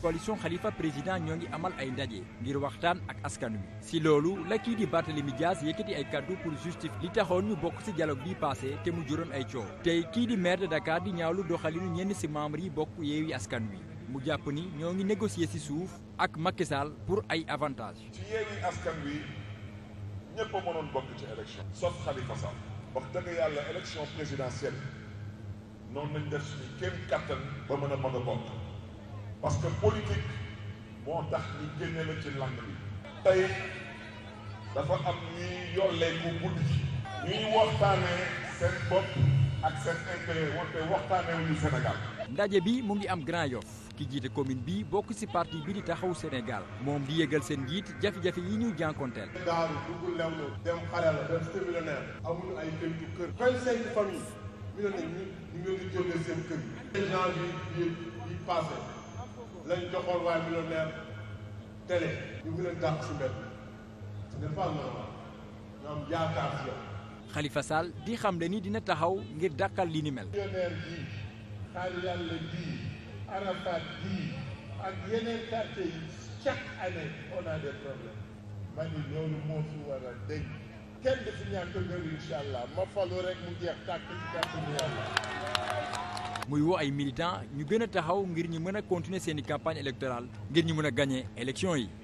coalition Khalifa président ñoo ngi amal ay ndaje ngir waxtaan ak askan wi si loolu la kii di Barthélemy Dias yëkkati ay kaddu pour justifier li taxoon ñu bokk si dialogue bi passé te mu juróon ay coow tey kii di maire de Dakar di ñaawlu doxalinu ñenn si membre yi bokk Yewwi Askan Wi mu jàpp ni ñoo ngi négocier si suuf ak Macky pour ay avantages. ci Yewwi Askan Wi ñëpp a mënoon bokk ci élection. sauf Khalifa Sall. wax dëgg yàlla élection présidentielle noonu lañ mën a mën a parce que politique moo tax ñu génne la ci langue bi tey dafa am ñuy yolleeku guddi ci ñuy waxtaanee seen bopp ak seen intérêt wante waxtaanee wu ñu ndaje bi mu ngi am Grand Yoff ki jiite commune bi bokk ci parti bi di taxaw Sénégal moom di yëgal seen njiit jafe-jafe yi ñuy jànkonteel daaru dugg lewlu dem xale la dem stimilinaire amuñu ay këytu kër vingt cinq famille ñu ne ne ñu ñu ngi jóge seen kër janvier bi passé lañ joxoon waaye millionnaire télé ñu ngi leen dàq si mbedd ce n'est pas normal ñu am yaakaar si yow Khalifa Sall di xam le dina taxaw ngir dàkkal li ni mel millionnaire yàlla bii Arafat bii ak yeneen quartier yi chaque année on a des ma ni loolu moo war a dëñ kenn du fi ñàkk ma falu rek mu jeex tàkk ci kàttanu yàlla muy woo ay militants ñu gën a taxaw ngir ñi mën a continuer seen i campagne électorale ngir ñi mën a gagner élection yi